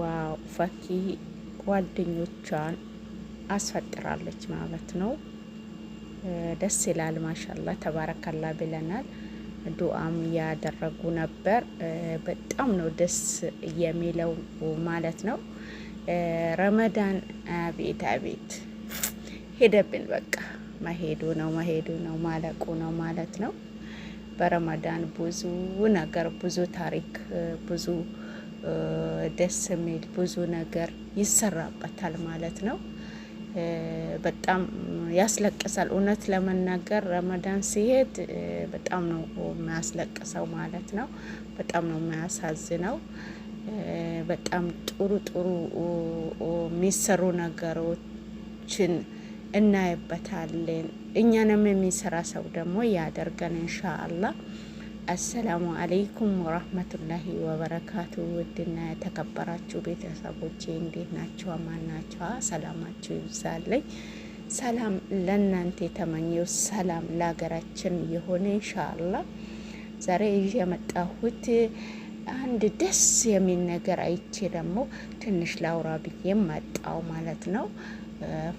ዋው ፈኪ ጓደኞቿን አስፈጥራለች ማለት ነው። ደስ ይላል። ማሻላ ተባረካላ ብለናል። ዱአም እያደረጉ ነበር። በጣም ነው ደስ የሚለው ማለት ነው። ረመዳን አቤት አቤት ሄደብን። በቃ መሄዱ ነው መሄዱ ነው ማለቁ ነው ማለት ነው። በረመዳን ብዙ ነገር ብዙ ታሪክ ብዙ ደስ የሚል ብዙ ነገር ይሰራበታል ማለት ነው። በጣም ያስለቅሳል። እውነት ለመናገር ረመዳን ሲሄድ በጣም ነው የሚያስለቅሰው ማለት ነው። በጣም ነው የሚያሳዝነው። በጣም ጥሩ ጥሩ የሚሰሩ ነገሮችን እናይበታለን። እኛንም የሚሰራ ሰው ደግሞ ያደርገን ኢንሻአላህ። አሰላሙ አለይኩም ወራህመቱላሂ ወበረካቱ። ውድና የተከበራችሁ ቤተሰቦቼ እንዴት ናቸው? አማን ናቸው? ሰላማችሁ ይብዛለኝ። ሰላም ለእናንተ የተመኘው ሰላም ለሀገራችን የሆነ እንሻላ። ዛሬ ይዤ የመጣሁት አንድ ደስ የሚል ነገር አይቼ ደግሞ ትንሽ ላውራ ብዬ መጣው ማለት ነው።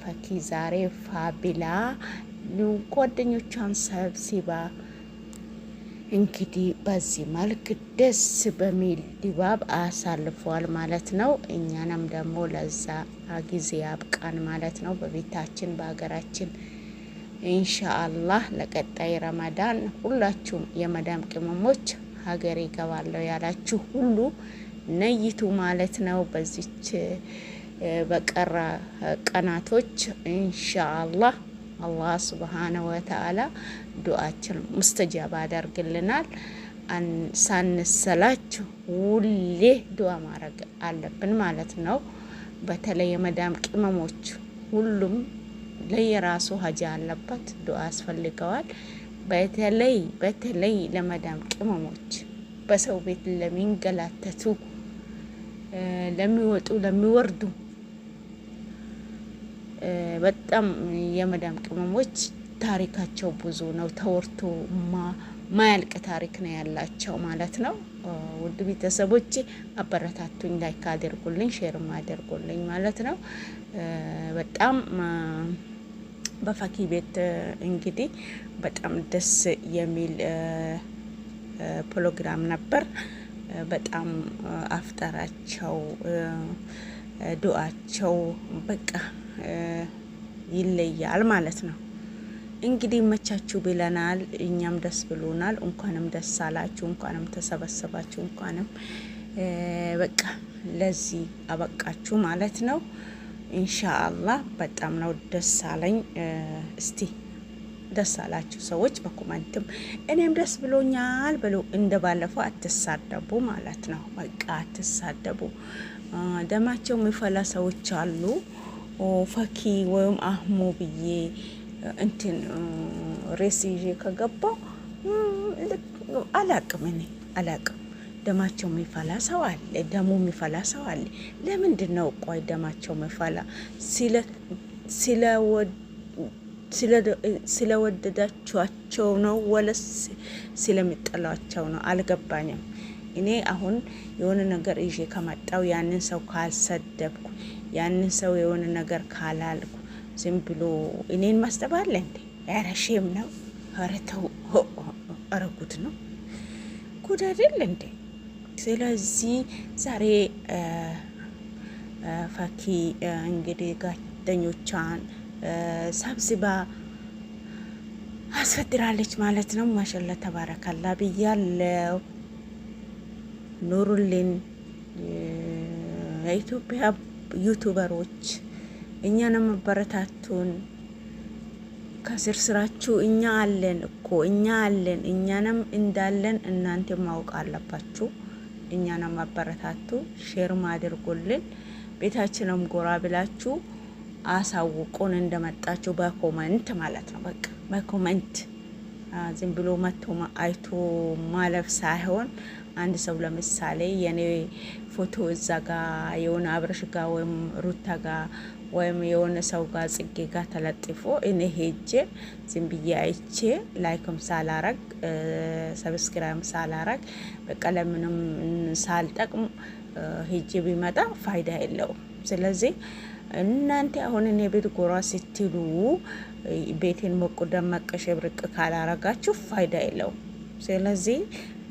ፈኪ ዛሬ ፋቢላ ጓደኞቿን ሰብሲባ እንግዲህ በዚህ መልክ ደስ በሚል ድባብ አሳልፏል ማለት ነው። እኛንም ደግሞ ለዛ ጊዜ ያብቃን ማለት ነው። በቤታችን በሀገራችን ኢንሻአላህ ለቀጣይ ረመዳን ሁላችሁም የመዳም ቅመሞች ሀገር ይገባለሁ ያላችሁ ሁሉ ነይቱ ማለት ነው። በዚች በቀራ ቀናቶች ኢንሻአላህ አላህ ስብሓነ ወተአላ ዱአችን ሙስተጃብ አደርግልናል። ሳንሰላችሁ ሁሌ ዱአ ማድረግ አለብን ማለት ነው። በተለይ የመዳም ቅመሞች ሁሉም ለየራሱ ሀጃ አለባት፣ ዱአ አስፈልገዋል። በተለይ በተለይ ለመዳም ቅመሞች በሰው ቤት ለሚንገላተቱ ለሚወጡ ለሚወርዱ በጣም የመዳም ቅመሞች ታሪካቸው ብዙ ነው። ተወርቶ ማያልቅ ታሪክ ነው ያላቸው ማለት ነው። ውድ ቤተሰቦች አበረታቱኝ፣ ላይክ አድርጉልኝ፣ ሼርም አድርጉልኝ ማለት ነው። በጣም በፋኪ ቤት እንግዲህ በጣም ደስ የሚል ፕሮግራም ነበር። በጣም አፍጠራቸው ዱአቸው በቃ ይለያል ማለት ነው። እንግዲህ መቻችሁ ብለናል። እኛም ደስ ብሎናል። እንኳንም ደስ አላችሁ፣ እንኳንም ተሰበሰባችሁ፣ እንኳንም በቃ ለዚህ አበቃችሁ ማለት ነው። ኢንሻአላህ በጣም ነው ደስ አለኝ። እስቲ ደስ አላችሁ ሰዎች በኮመንትም እኔም ደስ ብሎኛል ብሎ እንደ ባለፈው አትሳደቡ ማለት ነው። በቃ አትሳደቡ። ደማቸው የሚፈላ ሰዎች አሉ። ፈኪ ወይም አህሙ ብዬ እንትን ሬስ ይዤ ከገባው አላቅም፣ እኔ አላቅም። ደማቸው የሚፈላ ሰው አለ፣ ደሙ የሚፈላ ሰው አለ። ለምንድን ነው ቆይ ደማቸው የሚፈላ? ስለወደዳችኋቸው ነው ወለስ ስለሚጠሏቸው ነው? አልገባኝም። እኔ አሁን የሆነ ነገር ይዤ ከመጣው ያንን ሰው ካልሰደብኩ ያንን ሰው የሆነ ነገር ካላልኩ ዝም ብሎ እኔን ማስጠባለ እንዴ? ኧረ ሼም ነው። ኧረ ተው። ኧረ ጉድ ነው። ጉድ አይደል እንዴ? ስለዚህ ዛሬ ፈኪ እንግዲህ ጋደኞቿን ሰብስባ አስፈድራለች ማለት ነው። ማሻላ ተባረካላ ብያለው። ኑሩልን የኢትዮጵያ ዩቱበሮች እኛን መበረታቱን ከስር ስራችሁ እኛ አለን እኮ እኛ አለን። እኛንም እንዳለን እናንተ ማወቅ አለባችሁ። እኛን አበረታቱ፣ ሼርም አድርጉልን። ቤታችንም ጎራ ብላችሁ አሳውቁን እንደመጣችሁ በኮመንት ማለት ነው። በቃ በኮመንት ዝም ብሎ መቶ አይቶ ማለፍ ሳይሆን አንድ ሰው ለምሳሌ የኔ ፎቶ እዛ ጋ የሆነ አብረሽ ጋ ወይም ሩታ ጋ ወይም የሆነ ሰው ጋር ጽጌ ጋር ተለጥፎ እኔ ሄጄ ዝም ብዬ አይቼ ላይክም ሳላረግ ሰብስክራይም ሳላረግ በቃ ለምንም ሳልጠቅም ሄጄ ቢመጣ ፋይዳ የለውም። ስለዚህ እናንተ አሁን እኔ ቤት ጎራ ስትሉ ቤቴን ሞቁ ደመቅ ሸብርቅ ካላረጋችሁ ፋይዳ የለውም። ስለዚህ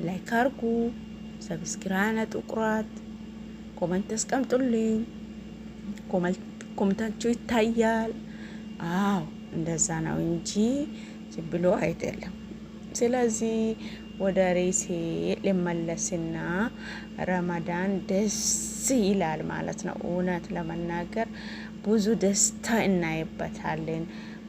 ላይክ አርጉ፣ ሰብስክራይብ አጥቁራት፣ ኮመንት አስቀምጡልኝ። ኮመንታችሁ ይታያል። አዎ እንደዛ ነው እንጂ ዝም ብሎ አይደለም። ስለዚህ ወደ ሬሴ ልመለስና ረመዳን ደስ ይላል ማለት ነው። እውነት ለመናገር ብዙ ደስታ እናይበታለን።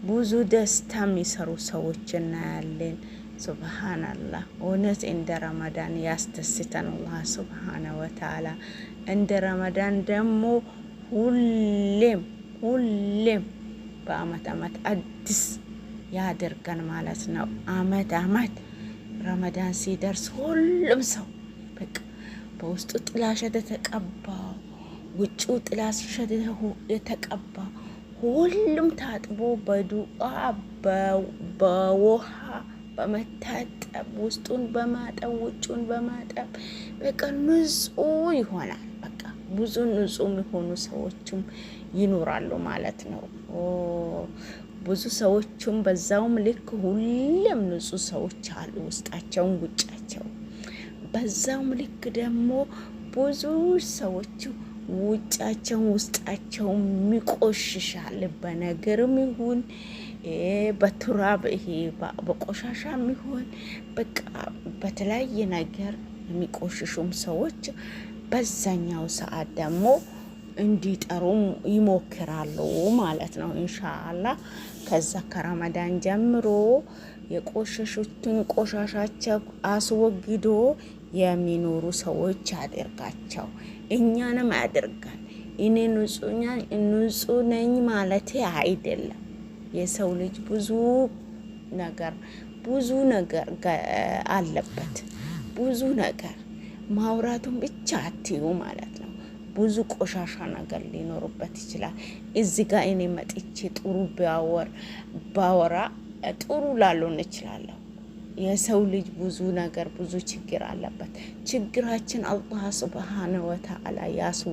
ብዙ ደስታ የሚሰሩ ሰዎች እናያለን። ሱብሃናላህ እውነት እንደ ረመዳን ያስደስተን አላህ ሱብሃነ ወተዓላ። እንደ ረመዳን ደግሞ ሁሌም ሁሌም በአመት አመት አዲስ ያደርገን ማለት ነው። አመት አመት ረመዳን ሲደርስ ሁሉም ሰው በቃ በውስጡ ጥላሸት የተቀባው ውጭው ጥላሸት የተቀባው ሁሉም ታጥቦ በዱአ በውሃ በመታጠብ ውስጡን በማጠብ ውጩን በማጠብ በቃ ንጹህ ይሆናል። በቃ ብዙ ንጹህ የሆኑ ሰዎችም ይኖራሉ ማለት ነው። ብዙ ሰዎችም በዛውም ልክ ሁሌም ንጹህ ሰዎች አሉ፣ ውስጣቸውን ውጫቸው። በዛውም ልክ ደግሞ ብዙ ሰዎች ውጫቸውን ውስጣቸውን ሚቆሽሻል። በነገርም ይሁን በቱራብ ይሄ በቆሻሻ ሚሆን በቃ በተለያየ ነገር የሚቆሽሹም ሰዎች በዛኛው ሰዓት ደግሞ እንዲጠሩም ይሞክራሉ ማለት ነው። እንሻላ ከዛ ከረመዳን ጀምሮ የቆሸሹትን ቆሻሻቸው አስወግዶ የሚኖሩ ሰዎች አድርጋቸው። እኛንም ያደርጋል። እኔ ንጹህ ነኝ ማለት አይደለም። የሰው ልጅ ብዙ ነገር ብዙ ነገር አለበት። ብዙ ነገር ማውራቱን ብቻ አትዩ ማለት ነው። ብዙ ቆሻሻ ነገር ሊኖርበት ይችላል። እዚ ጋር እኔ መጥቼ ጥሩ ባወራ ጥሩ ላልሆን እችላለሁ። የሰው ልጅ ብዙ ነገር ብዙ ችግር አለበት። ችግራችን አላህ ስብሓነ ወተዓላ ያስ